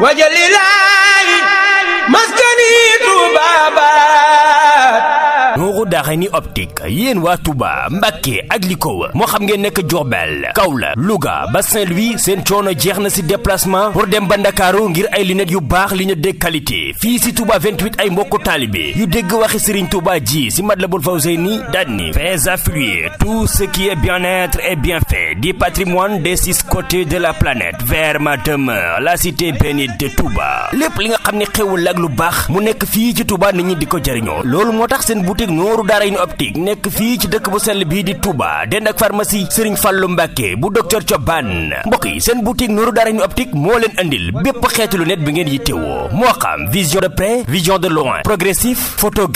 wajal Daarayni optique yéen waa Touba Mbàkke ak li ko wër moo xam ngeen nekk Diourbel Kaolack Louga ba Saint-Louis seen coono jeex na si déplacement pour dem ba Ndakaaru ngir ay lunettes yu baax lunettes de qualité fii si Touba 28 ay mbokku taalibe yu dégg waxi Serigne Touba ji si Matlabul Fawzayni daan ni fais affluer tout ce qui est bien-être et bien fait du patrimoine des six coté de la planète vers ma demeure la cité bénite de Touba lépp li nga xam ne xewul ak lu baax mu nekk fii ci Touba ñi di ko jëriñoo Nooru Daarayni optique nekk fii ci dëkk bu sell bii di Touba dend ak pharmacie Serigne Fallou Mbacke bu docteur Thioban mbokk yi seen boutique Nooru Daarayni optique moo leen andil bépp xeetu lunette bi ngeen yittewoo moo xam vision de près vision de loin progressif photo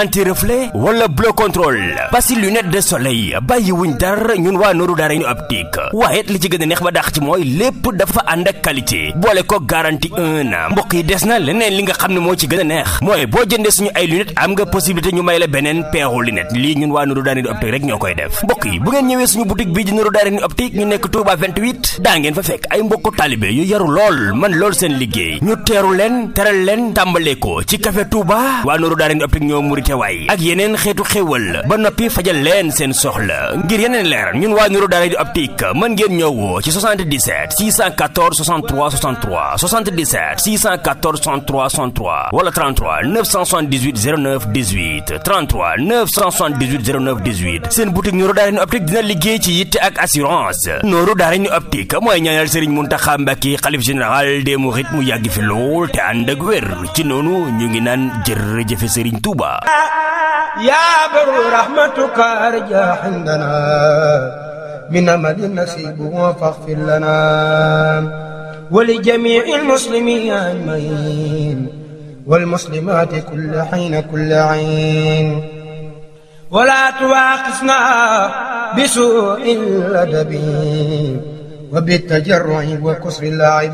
anti reflet wala bleu contrôle parce que de soleil bàyyi wuñ dara ñun waa Nooru Daarayni optique waaye li ci gën a neex ba dax ci mooy lépp dafa ànd ak qualité boole ko garantie un an mbokk des na leneen moo ci a neex mooy peexu lunette lii ñun waa Nuru Daarayni Optique rek ñoo koy def mbokk yi bu ngeen ñëwee suñu boutique bii di Nuru Daarayni Optique ñu nekk Touba daa ngeen fa fekk ay mbokku taalibe yu yaru lool man lool seen liggéey ñu teeru leen teral leen tàmbalee ko ci café Touba waa Nuru Daarayni Optique ñoo murite waay ak yeneen xeetu xéwal ba noppi fajal leen seen soxla ngir yeneen leer ñun waa Nuru Daarayni Optique mën ngeen ñëwoo ci 77 614 63 63 77 978 09 18 seen boutique Nourou Darayni dina liggéey ci yitte ak assurance Nourou Darayni optique mooy ñaanal Serigne Mountakha Mbacké xalif général des mourides mu yàgg fi lool te ànd ak wér ci noonu ñu ngi naan jërëjëf Serigne Touba. yaa baru rahmatuka arjaa indana min amali nasibu faghfir lana wa li jamiil muslimin ajmain wal muslimaati kulla hiin kulla ayn ولا تواقفنا بسوء الأدب وبالتجرع وكسر اللاعبين